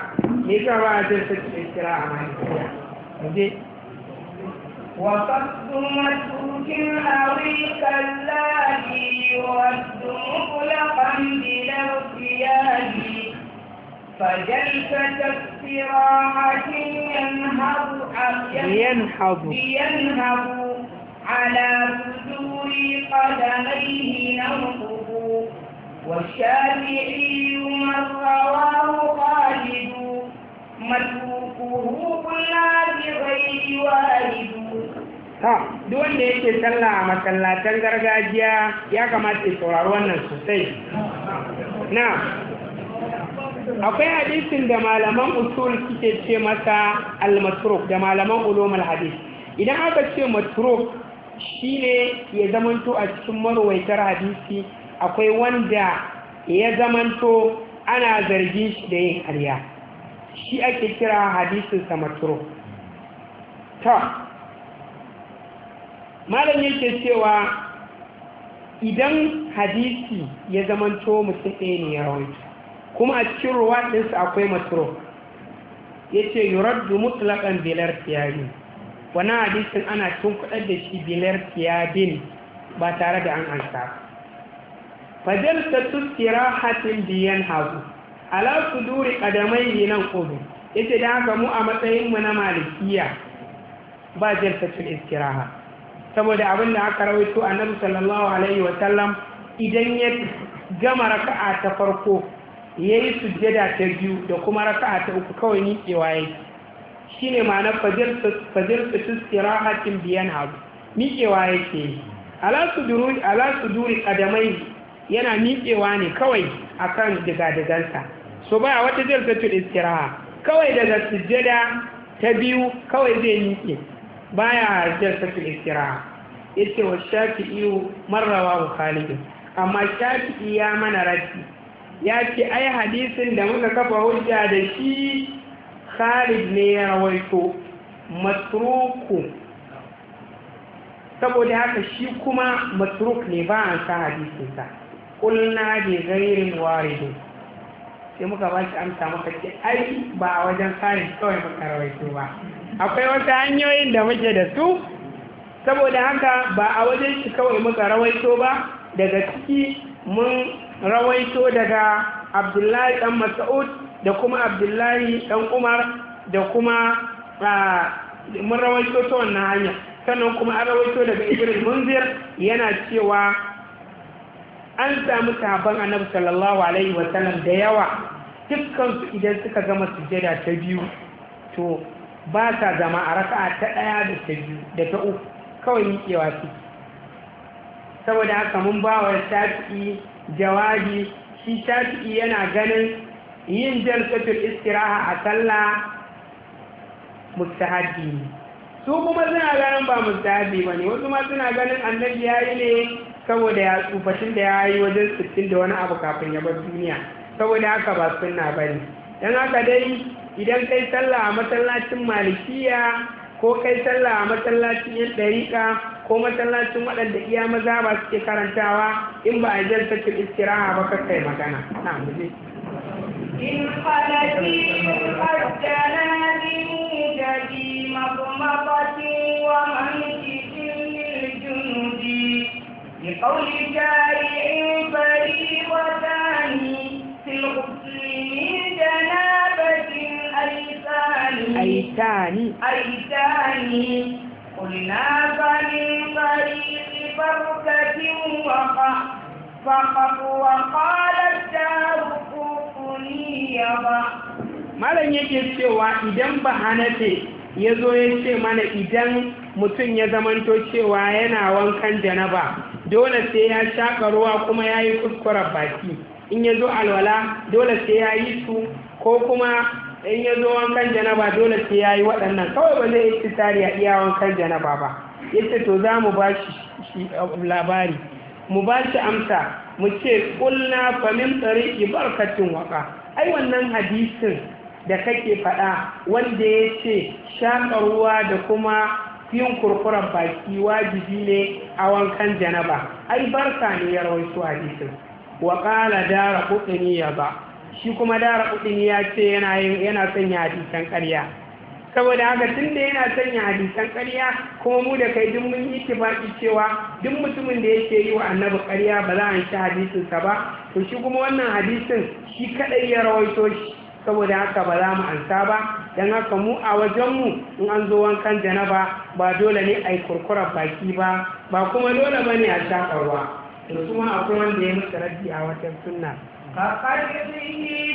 me yasa ba a jin sai kira a mahaifiya mu وقصد مسكوت أريك الذي يرد مطلقا بلا ارتياب فجلس استراحة ينهض أم ينهض ينهض على بذور قدميه نومه والشافعي من رواه خالد متروكه قلنا بغير والد ta duk wanda yake sallah a masallatan gargajiya ya kamata ya saurari wannan sosai na akwai hadisin da malaman usul suke ce masa al da malaman ulumul hadis idan aka ce matruk shine ya zamanto a cikin marwaitar hadisi akwai wanda ya zamanto ana zargin shi da yin ƙarya shi ake kira hadisinsa sa matruk ta malam yake cewa idan hadisi ya zamanto mutum ɗaya ne ya rawaito kuma a cikin ruwa ɗinsa akwai matro ya ce yuraddu mutlaƙan bilar tiyari wani hadisin ana tunkuɗar da shi bilar tiyadin ba tare da an ansa fajar ta tuskira hatin biyan hagu ala su duri ƙadamai ne nan kudu ya ce da haka mu a matsayinmu na malikiya ba iskira haka. saboda abin da aka rawaito a nan sallallahu alaihi wasallam idan ya gama raka'a ta farko ya yi sujjada ta biyu da kuma raka'a ta uku kawai miƙewa ya shi ne ma'ana fajir fitus kirahatin biyan hagu miƙewa yake yi ala su duri kadamai yana miƙewa ne kawai akan digadigansa so ba wata jirgin istiraha kawai daga sujjada ta biyu kawai zai miƙe baya jalsatul istiraha yace wa shafi'i marrawa wa khalid amma shafi'i ya mana raddi ya ce ai hadisin da muka kafa hujja da shi khalid ne ya rawaito matruku saboda haka shi kuma matruk ne ba an sa hadisinsa kulna bi ghairin waridin sai muka ba shi amsa muka ce ai ba a wajen khalid kawai muka rawaito ba akwai wasu hanyoyin da muke da su saboda haka ba a wajen shi kawai muka rawaito ba daga ciki mun rawaito daga abdullahi dan mas'ud da kuma abdullahi dan umar da kuma mun rawaito ta wannan hanya sannan kuma an rawaito daga ibrahim munzir yana cewa an samu sahabban annabi sallallahu alaihi wasallam da yawa dukkansu idan suka gama sujjada ta biyu to ba sa zama a raka'a ta ɗaya da ta biyu da ta uku kawai kewa su saboda haka mun ba wa shafi'i jawabi shi shafi'i yana ganin yin jalsatul istiraha a sallah mustahabi ne su kuma suna ganin ba mustahabi ba ne wasu ma suna ganin annabi ya yi ne saboda ya tsufashin da ya yi wajen sittin da wani abu kafin ya bar duniya saboda haka ba sunna ba ne don haka dai idan kai sallah a masallacin malikiya ko kai sallah a masallacin yan ɗariƙa ko masallacin waɗanda iya maza ba suke karantawa in ba a sakin istiraha ba kakai magana na muje إن فريقان أيتان أيتان قلنا فللفريق فرقة وقف وقال الدار كفني malam yake cewa idan ba hanafe ya zo ya ce mana idan mutum ya zamanto cewa yana wankan janaba dole sai ya shaƙa ruwa kuma ya yi kuskuren baki in ya zo alwala dole sai ya yi su ko kuma in ya zo wankan janaba dole sai ya yi waɗannan kawai ba zai yi tsari a iya wankan janaba ba yace to za mu ba eh, labari mu bashi amsa mu ce kulna famin tsari ibarkacin waka ai wannan hadisin da kake faɗa wanda ya ce shaƙa ruwa da kuma yin kurkuren baki wajibi ne a wankan janaba ai barka ne ya rawaito hadisin wa ƙala dara kuɗini ya ba shi kuma dara kudin ya ce yana sanya hadisan karya saboda haka tun da yana sanya hadisan karya kuma mu da kai duk mun yi tifaki cewa duk mutumin da yake yi wa annabi karya ba za a ci hadisinsa ba to shi kuma wannan hadisin shi kadai ya rawaito shi saboda haka ba za mu ansa ba don haka mu a wajenmu in an zo wankan janaba ba dole ne a yi kurkurar baki ba ba kuma dole ba ne a shakarwa to kuma akwai wanda ya musu raddi a watan sunna فقدره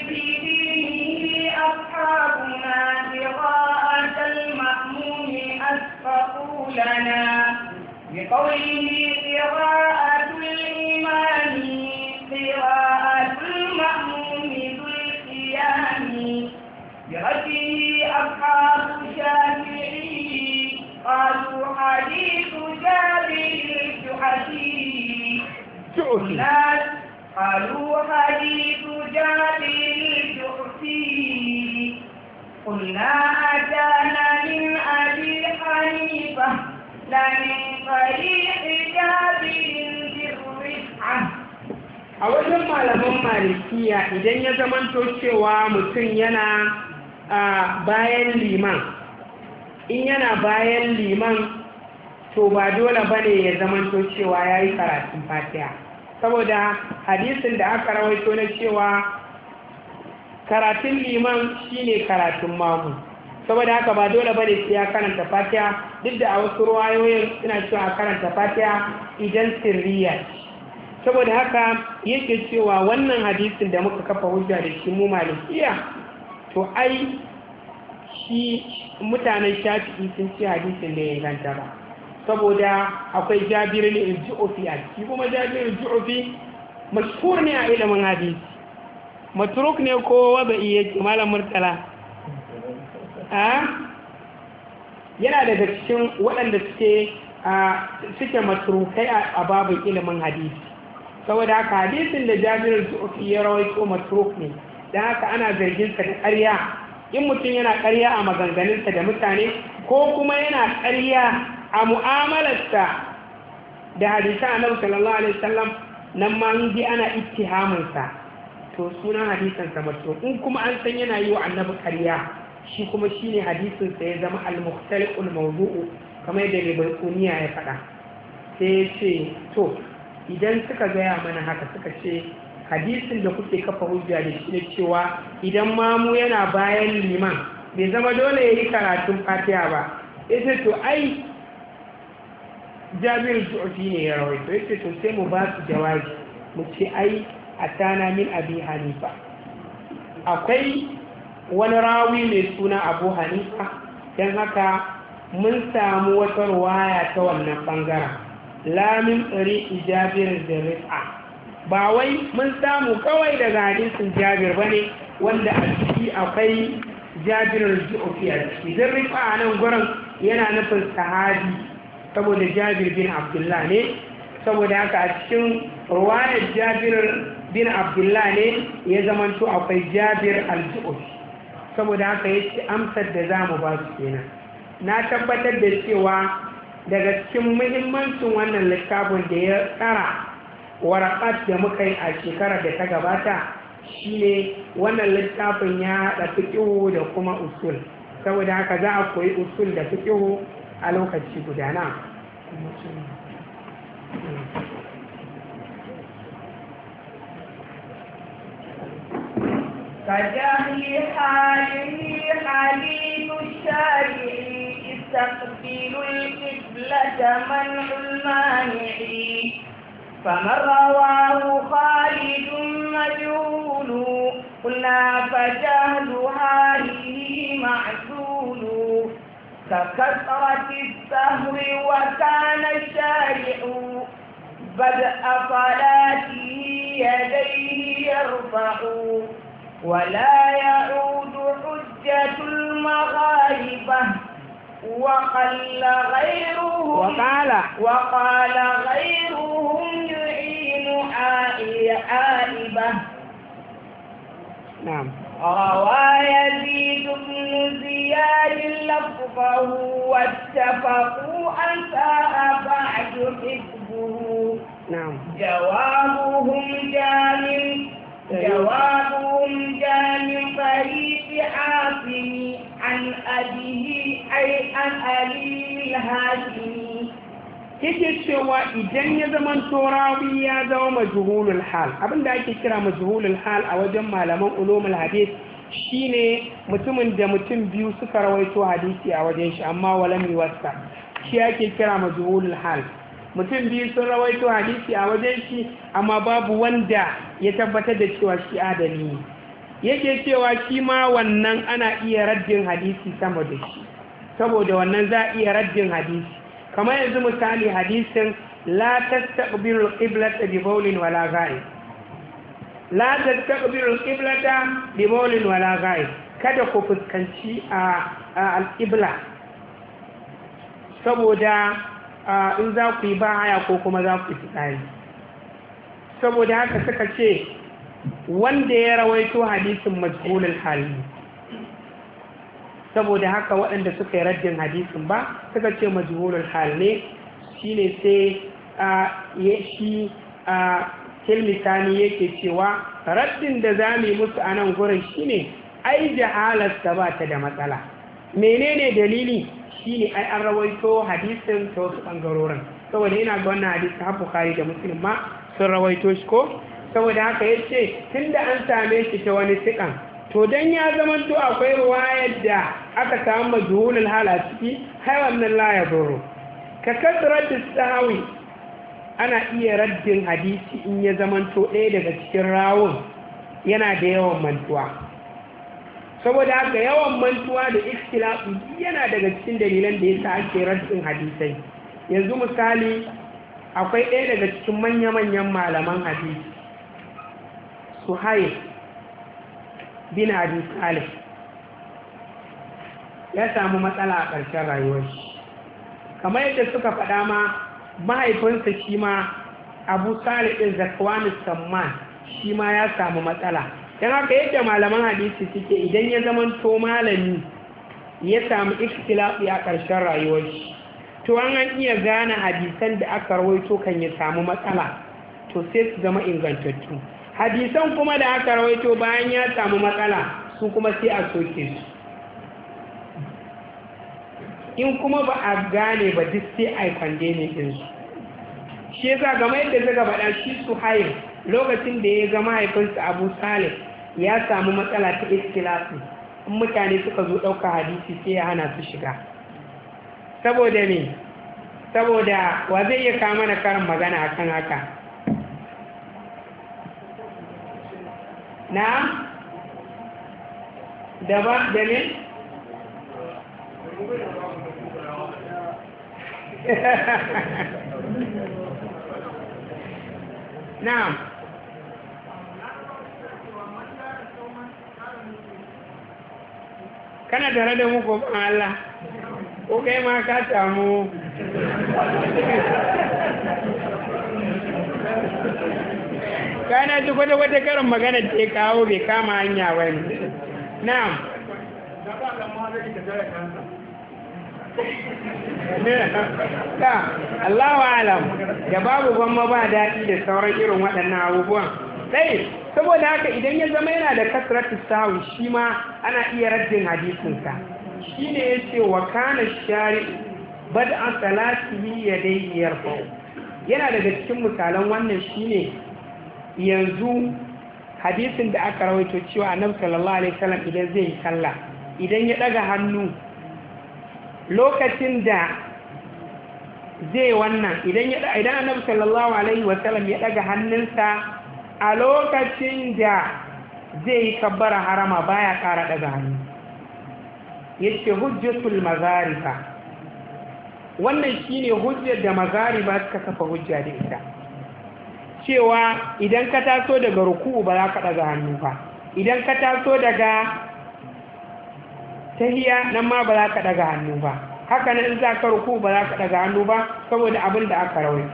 في دينه أصحابنا قراءة المأموم أسبقوا لنا بقوله قراءة الإمام قراءة المأموم ذو القيام برده أصحاب الشافعي قالوا حديث جابر الجحفي قالوا حديث جابر تؤتيه قلنا أتانا من أبي حنيفة لا من طريق جابر بالرفعة a wajen malaman malikiya idan ya zamanto cewa mutum yana a bayan liman in yana bayan liman to ba dole bane ya zamanto cewa ya yi karatun fatiha saboda hadisin da aka rawaito na cewa karatun liman shine karatun mamu saboda haka ba dole bane sai ya karanta fatiha duk da a wasu ruwayoyin suna cewa karanta fatiha idan sirriya saboda haka yake cewa wannan hadisin da muka kafa hujja da shi mu malikiya to ai shi mutanen shafi'i sun ce hadisin da ya ganta ba saboda akwai jabirin irji'ufi a ciki kuma jabirin irji'ufi mashhur ne a ilimin hadisi matruk ne ko wada iya malam murtala a yana daga cikin waɗanda suke a suke matrukai a babin ilimin hadisi saboda haka hadisin da jabirin irji'ufi ya rawaito matruk ne don haka ana zargin sa da ƙarya in mutum yana ƙarya a maganganunsa da mutane ko kuma yana ƙarya a mu'amalarsa da hadisa annabi sallallahu alaihi wasallam nan ma an ji ana ittihaminsa to sunan hadisansa mato in kuma an san yana yi wa annabi karya shi kuma shine hadisinsa ya zama al-mukhtaliqul mawdu'u kamar da mai barkuniya ya faɗa sai ya ce to idan suka gaya mana haka suka ce hadisin da kuke kafa hujja da shi ne cewa idan mamu yana bayan liman bai zama dole ya yi karatun fatiha ba ya ce to ai jami'ar ju'afi ne ya da yake sosai mu ba su jawabi mu ce ai a tana min abin hanifa akwai wani rawi mai suna abu hanifa don haka mun samu wata ruwaya ta wannan bangara lamin tsari ijabir da rita ba wai mun samu kawai da daga sun jabir ba ne wanda a ciki akwai jabirar ju'ufi a ciki don a nan gurin yana nufin sahabi saboda jabir bin abdullah ne saboda haka a cikin ruwayar jabir bin abdullah ne ya zamanto akwai jabir al-zu'ud saboda haka ya ce amsar da za mu ba su kenan na tabbatar da cewa daga cikin muhimmancin wannan littafin da ya tsara warakat da muka yi a shekarar da ta gabata shine wannan littafin ya haɗa fiƙihu da kuma usul saboda haka za a koyi usul da fiƙihu a lokaci guda na كجهل حاله حليم الشارع يستقبل القبلة منع المانع فمن رواه خالد مجهول قلنا فجهل حاله معزول ككثرة السهو وكان الشارع بدء صلاته يديه يرفع ولا يعود حجة المغاربة وقل غيرهم وقال وقال غيرهم يعين عائبة نعم روى يزيد بن زياد لفظه واتفقوا أساء بعد حزبه نعم جوابهم جامع جوابهم جامع فريد حاتم عن أبيه أي عن أبي الهاشمي yake cewa idan ya zaman torawi ya zama majhulul hal abin da ake kira majhulul hal a wajen malaman ulumul hadith shine mutumin da mutum biyu suka rawaito hadisi a wajen shi amma walam yuwassa shi ake kira majhulul hal mutum biyu sun rawaito hadisi a wajen shi amma babu wanda ya tabbatar da cewa shi adali ne yake cewa shi ma wannan ana iya raddin hadisi sama da shi saboda wannan za a iya raddin hadisi kamar yanzu misali hadisin la tastaqbilu al-qiblata bi bawlin wala ghaib la tastaqbilu al-qiblata bi bawlin wala ghaib kada ku fuskanci a al-qibla saboda in za ku yi bahaya ko kuma za ku yi tsari saboda haka suka ce wanda ya rawaito hadisin majhulul hali saboda haka waɗanda suka yi raddin hadisin ba suka ce majhulul hal ne shine sai a ya shi a kilmitani yake cewa rajin da za mu yi musu a nan gurin shine ai jahalarsa ba ta da matsala menene dalili shine ai an rawaito hadisin ta wasu ɓangarorin saboda yana ga wannan hadisin haɓu kari da musulun ma sun rawaito shi ko saboda haka ya ce tun da an same shi ta wani sikan to dan ya zama to akwai ruwayar da aka samu majhulul hala ciki har wannan la ya zoro ka kasratu sahawi ana iya raddin hadisi in ya zama to ɗaya daga cikin rawun yana da yawan mantuwa saboda haka yawan mantuwa da ikhtilafu yana daga cikin dalilan da yasa ake raddin hadisai yanzu misali akwai ɗaya daga cikin manya-manyan malaman hadisi suhaib bin abi talib ya samu matsala a ƙarshen rayuwar shi kamar yadda suka faɗa ma mahaifinsa shi ma abu talib ɗin zakwani samman shi ma ya samu matsala don haka yadda malaman hadisi suke idan ya zama to malami ya samu ikhtilafi a ƙarshen rayuwar shi to an an iya gane hadisan da aka rawaito kan ya samu matsala to sai su zama ingantattu hadisan kuma da aka rawaito bayan ya samu matsala su kuma sai a soke su in kuma ba a gane ba duk sai a kwande kwandemin ɗinsu shi yasa game yadda zaga faɗa shi su haye lokacin da ya ga mahaifinsu abu sale ya samu matsala ta iskilafi in mutane suka zo ɗauka hadisi sai ya hana su shiga saboda ne saboda wa zai iya kama na karin magana a kan haka na da ba da <laughs> na'am kana tare da muku Allah ko kai ma ka samu <laughs> kana ji kwata wata karin magana da ya kawo bai kama hanya ba ne ta <laughs> allawa alam da babu gwamma ba daɗi da sauran irin waɗannan abubuwan sai saboda haka idan ya zama yana da kasratu sahu shi ma ana iya rajin hadisinsa shi ne ya ce wa kana shari bada an ya dai yana daga cikin misalan wannan shi ne? yanzu hadisin da aka rawaito cewa annabi sallallahu alaihi wasallam idan zai yi sallah idan ya daga hannu lokacin da zai wannan idan ya idan annabi sallallahu alaihi wasallam ya daga hannunsa a lokacin da zai yi kabbara harama baya kara daga hannu yace hujjatul mazarifa wannan shine hujjar da mazariba suka kafa hujja da ita cewa idan ka taso daga ruku'u ba za ka ɗaga hannu ba idan ka taso daga tahiya nan ma ba za ka ɗaga hannu ba haka nan in za ka ruku'u ba za ka ɗaga hannu ba saboda abin da aka rawai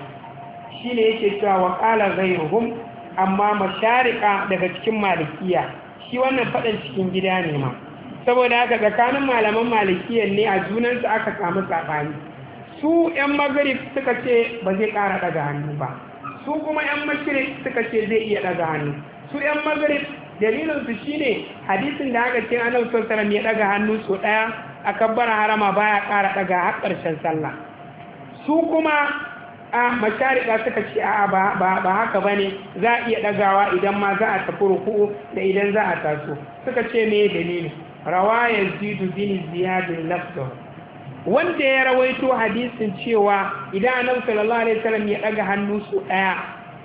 shi ne yake cewa wa ƙala zairuhum amma masharika daga cikin malikiya shi wannan faɗin cikin gida ne ma saboda haka tsakanin malaman malikiyan ne a junansu aka samu saɓani su 'yan magarib suka ce ba zai ƙara ɗaga hannu ba su kuma yan mashirik suka ce zai iya ɗaga hannu su yan magrib dalilinsu shi ne hadisin da aka ce annabi sallallahu mai ya ɗaga hannu su ɗaya a kabbara harama baya ƙara ɗaga har ƙarshen sallah su kuma a masharika suka ce a ba haka ba ne za a iya ɗagawa idan ma za a tafi ruku'u da idan za a taso suka ce me dalili rawayar zidu bin ziyadin lafdor wanda ya rawaito hadisin cewa idan annabi sallallahu alaihi wasallam ya daga hannu su daya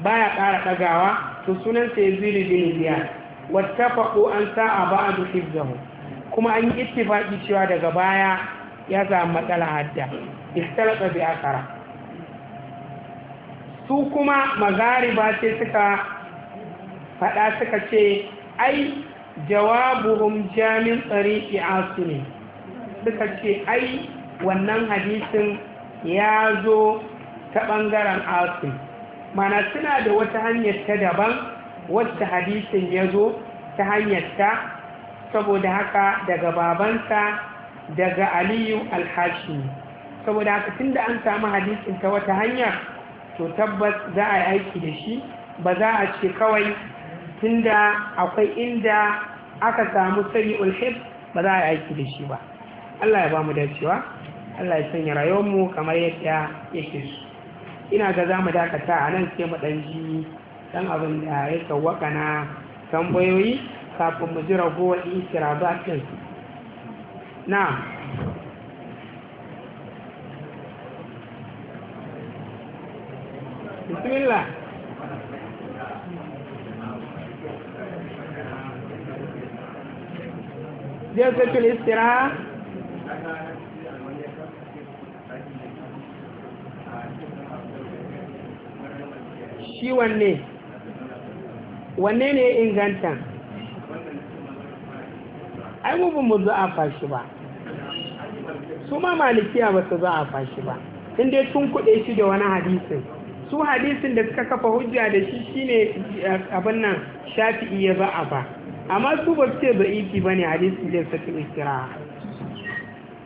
baya ƙara dagawa to sunan sa yazid bin ziyad wattafaqu an sa'a ba'du hifzahu kuma an yi ittifaqi cewa daga baya ya samu matsala hadda istalqa bi akara su kuma magariba ce suka faɗa suka ce ai jawabuhum jamin tsariƙi asini suka ce ai wannan hadisin ya zo ta ɓangaren asim mana suna da wata hanyar ta daban wata hadisin ya zo ta hanyar ta saboda haka daga babansa daga aliyu alhashi saboda haka tun da an samu hadisin ta wata hanyar to tabbas za a yi aiki da shi ba za a ce kawai tun da akwai inda aka samu sayi ulhib ba za a yi aiki da shi ba Allah ya ba mu dacewa Allah ya sanya mu kamar yadda yake su ina ga za mu dakata a nan sai mu ɗan ji ɗan abin da ya sauwaka na tambayoyi kafin mu ji ragowar ikirabat ɗin na bismillah جلسة الاستراحة shi wanne wanne ne inganta ai mu mu a shi ba su ma malikiya ba su za'a shi ba in dai sun kuɗe shi da wani hadisin su hadisin da suka kafa hujja da shi shine eh, abin nan shafi iya za'a ba, amma su ba su ce iki ba ne hadisin da suka istira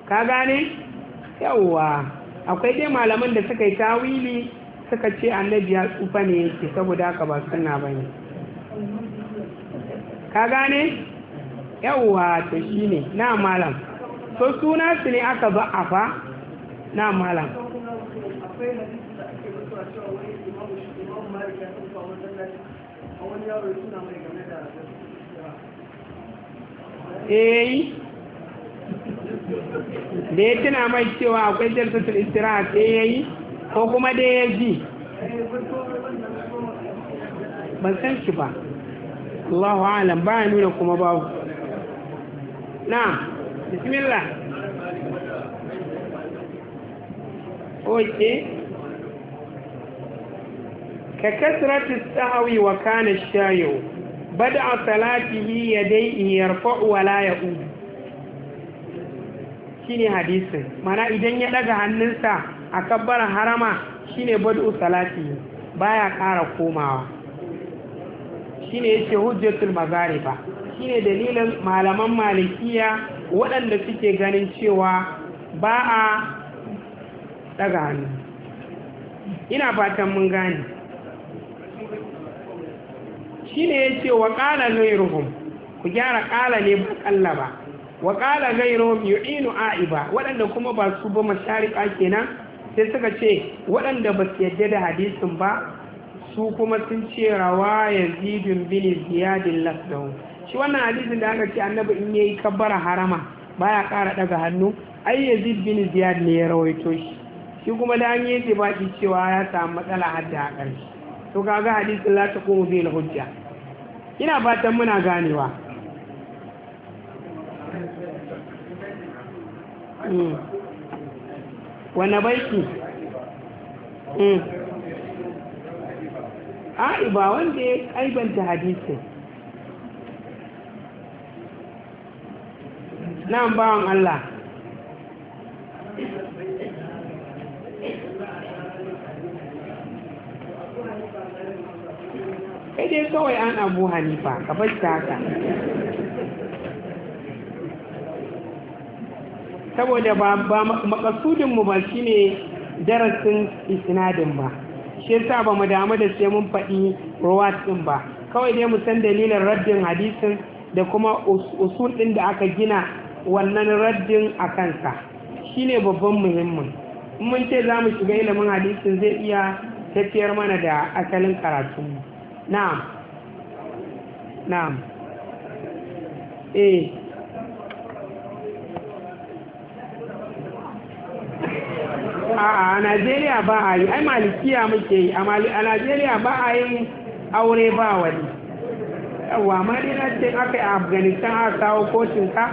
ka gane yawwa akwai dai malaman da suka yi tawili suka ce annabi ya tsufa ne yake saboda haka ba suna ba ne ka gane yawwa ta shi ne na malam to suna su ne aka ba a fa na malam eyi eh. da ya tuna mai cewa akwai jalsatul istirahat eyi eh, ko kuma dai ya ji ban san shi ba Allahu alam ba nuna kuma ba na bismillah oke ka kasratu sahawi wa kana shayo bada salatihi in yarfa wa la ya'u shine hadisin mana idan ya daga hannunsa a kabbar harama shi shine bad'u salati baya ƙara komawa shi shine yace hujjatul shi ne dalilin malaman malikiya waɗanda suke ganin cewa ba a daga hannu ina fatan mun gane ya ce wa qala ghayruhum ku gyara ƙala ne ba ƙalla ba wa qala ghayruhum yu'inu aiba waɗanda kuma ba su ba mashari'a kenan sai suka ce waɗanda ba su yadda da hadisin ba su kuma sun ce rawa ya zibin bini ziyadin lasdau shi wannan hadisin da aka ce annabi in yayi kabbara harama baya ƙara daga hannu ai yazid bini ziyad ne ya rawaito shi shi kuma da an yi baki cewa ya samu matsala har da ƙarshe to kaga hadisin la ta kuma bil hujja ina fatan muna ganewa hmm. wane baiki mm. a ba wanda ya aibanta hadisin nan bawan Allah kai dai kawai an abu hanifa ka ta haka saboda ba makasudin mu ba shine darasin isnadin ba shi yasa ba mu damu da sai mun faɗi rawat din ba kawai dai mu san dalilin raddin hadisin da kuma usul din da aka gina wannan raddin a kansa shine babban muhimmin mun ce za mu shiga ilimin hadisin zai iya tafiyar mana da asalin karatunmu na'am na'am eh a'a a najeriya ba a yi ai malikiya muke yi a najeriya ba a yin aure ba wani yawa ma na ce aka yi a Afganistan a kawo kocinka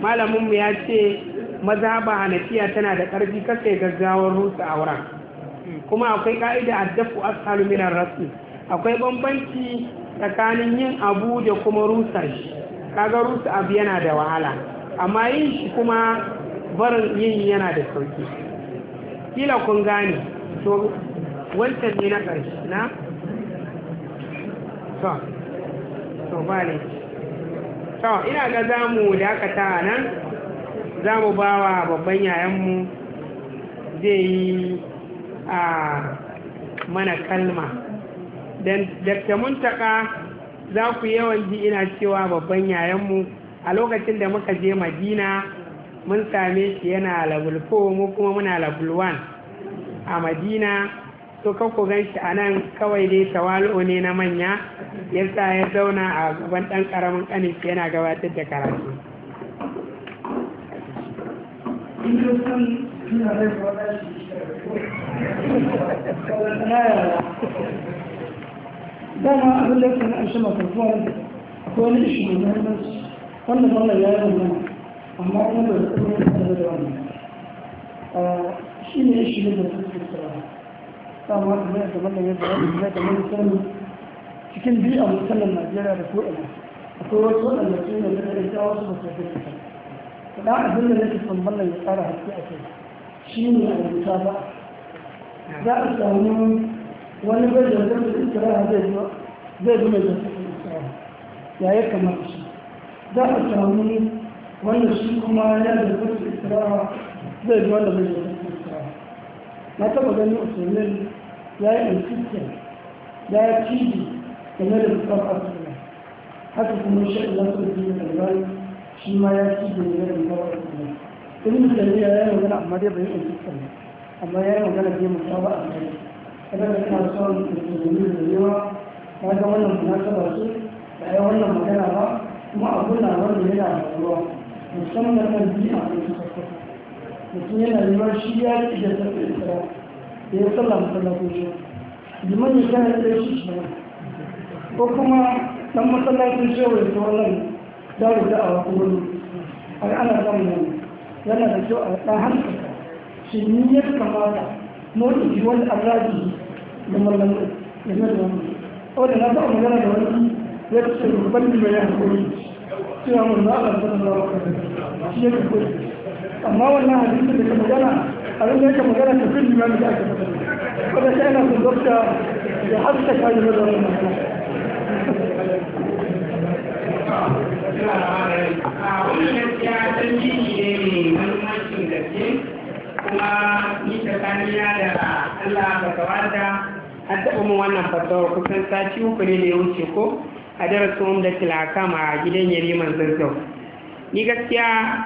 malaminmu ya ce maza a hanafiya tana da ƙarfi kasa ya gaggawar rusa auren kuma akwai ka'ida a ashalu min rasul akwai bambanci tsakanin yin abu da kuma rusa shi kaga rusa abu yana da wahala amma yin shi kuma barin yin yana da sauki kila kun gane to wancan ne na ƙarshe na to to ba ne to ina ga za mu dakata nan za mu ba wa babban yayanmu zai yi a mana kalma don dakta muntaka za ku yawan ji ina cewa babban yayanmu a lokacin da muka je madina mun same shi yana level 4 mu kuma muna level 1 a madina to ku gan shi a nan kawai dai tawalo ne na manya yasa ya zauna a gaban ɗan ƙaramin ƙanin shi yana gabatar da karatu dama abin da yake na an shama ko wani ishi mai wannan wannan ya yi wannan amma kuma da su ne tare da wannan shi ne shi ne da suke tsara amma da ne da wannan yadda wani ne da mun sani cikin bi a musallan Najeriya da ko ina akwai wasu wadanda su ne da ya jawo su ba su da su kuma abin da nake son wannan ya tsara haske a kai shi ne a rubuta ba za a samu wani bai da zai da tsara zai zo zai zo mai da su ya ya kamar shi za a samu wanda shi kuma ya da kursu isra'a zai ji wanda bai da kursu isra'a na taba ganin usulmin ya yi insistin ya yi cibi game da bukar asirina haka kuma shi Allah su ji da albani shi ma ya cibi game da bukar asirina ibn jami'a ya yi magana amma dai bai yi insistin amma ya yi magana bai mutawa a mai kada da ina son musulmi da yawa ta ga wannan munasaba ce ba ya wannan magana ba kuma abu na wanda yana da ruwa musamman kan biya a wani sassan mutum yana neman shi ya ci da sassan isra da ya tsalla masallaci liman ya kana da shi shi ko kuma dan masallacin shi ya ta nan dawo da awa kuma a ana samun ne yana da kyau a ɗan shi ni ya kamata motsi wani arraji da mallan da na da wani o da na taɓa magana da wani ya ce ban da ya haƙuri suna mun ba a sanar da wakilin shi yake kuɗi amma wannan hadisin da ka magana abin da yake magana ta fi liman da aka fata wanda shi yana sun dokta da haska ka yi mazan wannan wannan gaskiya ta ji ne mai muhimmancin gaske kuma ni tsakanina da Allah ba ta wata an taɓa mu wannan fasawar kusan sati uku ne da ya wuce ko a darasin da tilaka a gidan yariman zazzau ni gaskiya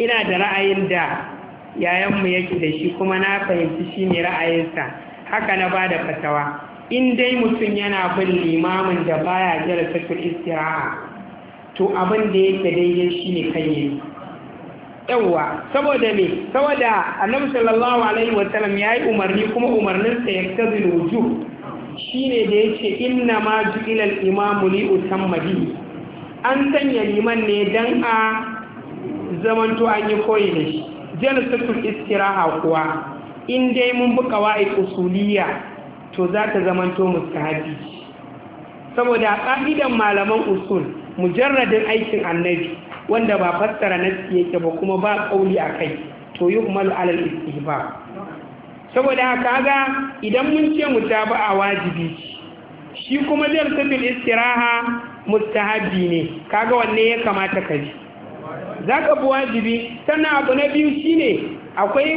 ina da ra'ayin da yayanmu yake da shi kuma na fahimci shi ne ra'ayinsa haka na ba da fatawa in dai mutum yana bin limamin da baya ta istira'a to abin da yake daidai shi ne kan yi yawwa saboda me saboda annabi sallallahu alaihi wasallam ya yi umarni kuma umarninsa ya tazi wujuh Shi ne da yake inna ma ju'ilal imamu li utamma an sanya liman ne dan a zamanto an yi koyi da shi jalsatul istiraha kuwa in dai mun bi qawaid usuliyya to za ta zamanto mustahabi saboda ƙa'idan malaman usul mujarradin aikin annabi wanda ba fassara nasi yake ba kuma ba kauli akai to yuhmalu alal istihbab saboda kaga idan mun ce mutaba'a wajibi shi kuma zai jalsatul istiraha mustahabi ne kaga wanne ya kamata ka ji zaka bi wajibi sannan abu na biyu shine akwai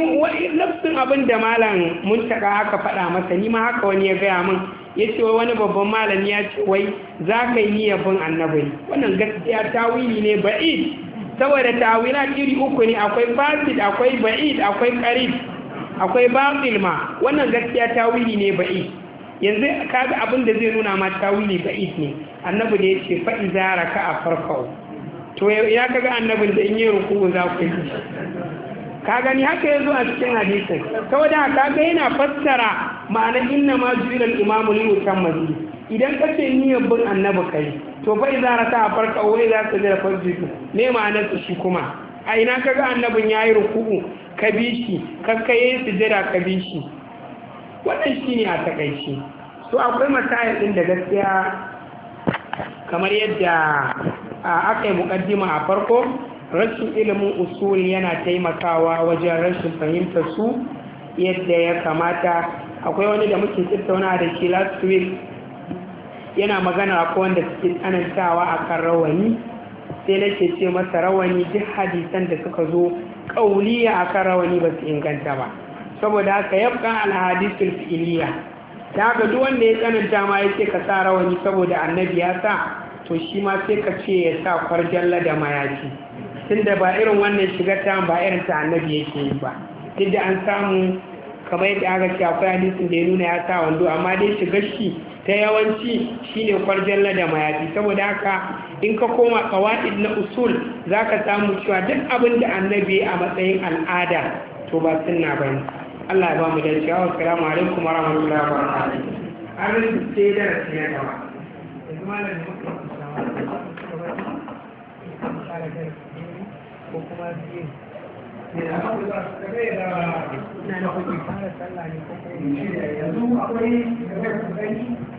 nafsin abin da malam muntaka haka faɗa masa ni ma haka wani ya gaya mun ya ce wani babban malami ya ce wai za ka yi niyyar bin annabi wannan gaskiya tawili ne ba'id saboda tawila iri uku ne akwai fasid akwai ba'id akwai qarib akwai batil ma wannan gaskiya tawili ne ba'i yanzu kaga abin da zai nuna ma tawili ba'i ne annabi da yace fa iza a farka'u to ya kaga annabin da in yi ruku za ku yi ka gani haka yazo a cikin hadisin saboda haka ga yana fassara ma'anar inna ma jira al-imamu li yutamma idan ka ce niyyar bin annabi kai to fa iza raka'a farka'u za ka jira farjitu me ma'anar shi kuma a ina ka kaga annabin yi ruku'u ka bi shi kakkaye sujada ka bi shi wannan shi ne a takaice so akwai masayin din da gaskiya kamar yadda aka yi mukaddima a farko rashin ilimin usuli yana taimakawa wajen rashin fahimtar su yadda ya kamata akwai wani da muke tattauna da shi last week yana magana akwai wanda suke tsanantawa a kan rawani sai nake ce masa rawani duk hadisan da suka zo ƙauliya akan rawani ba su inganta ba saboda haka yabka alhadisul fi'iliya ta haka duk wanda ya tsananta ma ya ce ka sa rawani saboda annabi ya sa to shi ma sai ka ce ya sa kwarjalla da mayafi tunda ba irin wannan shigar ta ba irin ta annabi yake yi ba duk da an samu kamar yadda aka ce akwai hadisin da ya nuna ya sa wando amma dai shigar shi ta yawanci shine kwarjalla da mayafi saboda haka in ka koma kawaid na usul za ka samu cewa duk abin da annabi a matsayin al'ada to ba sunna ba ne allah ya ba mu dace wa salamu alaikum wa rahmatullahi wa barakatuh an sai da na gaba yanzu malam ko kuma da yanzu akwai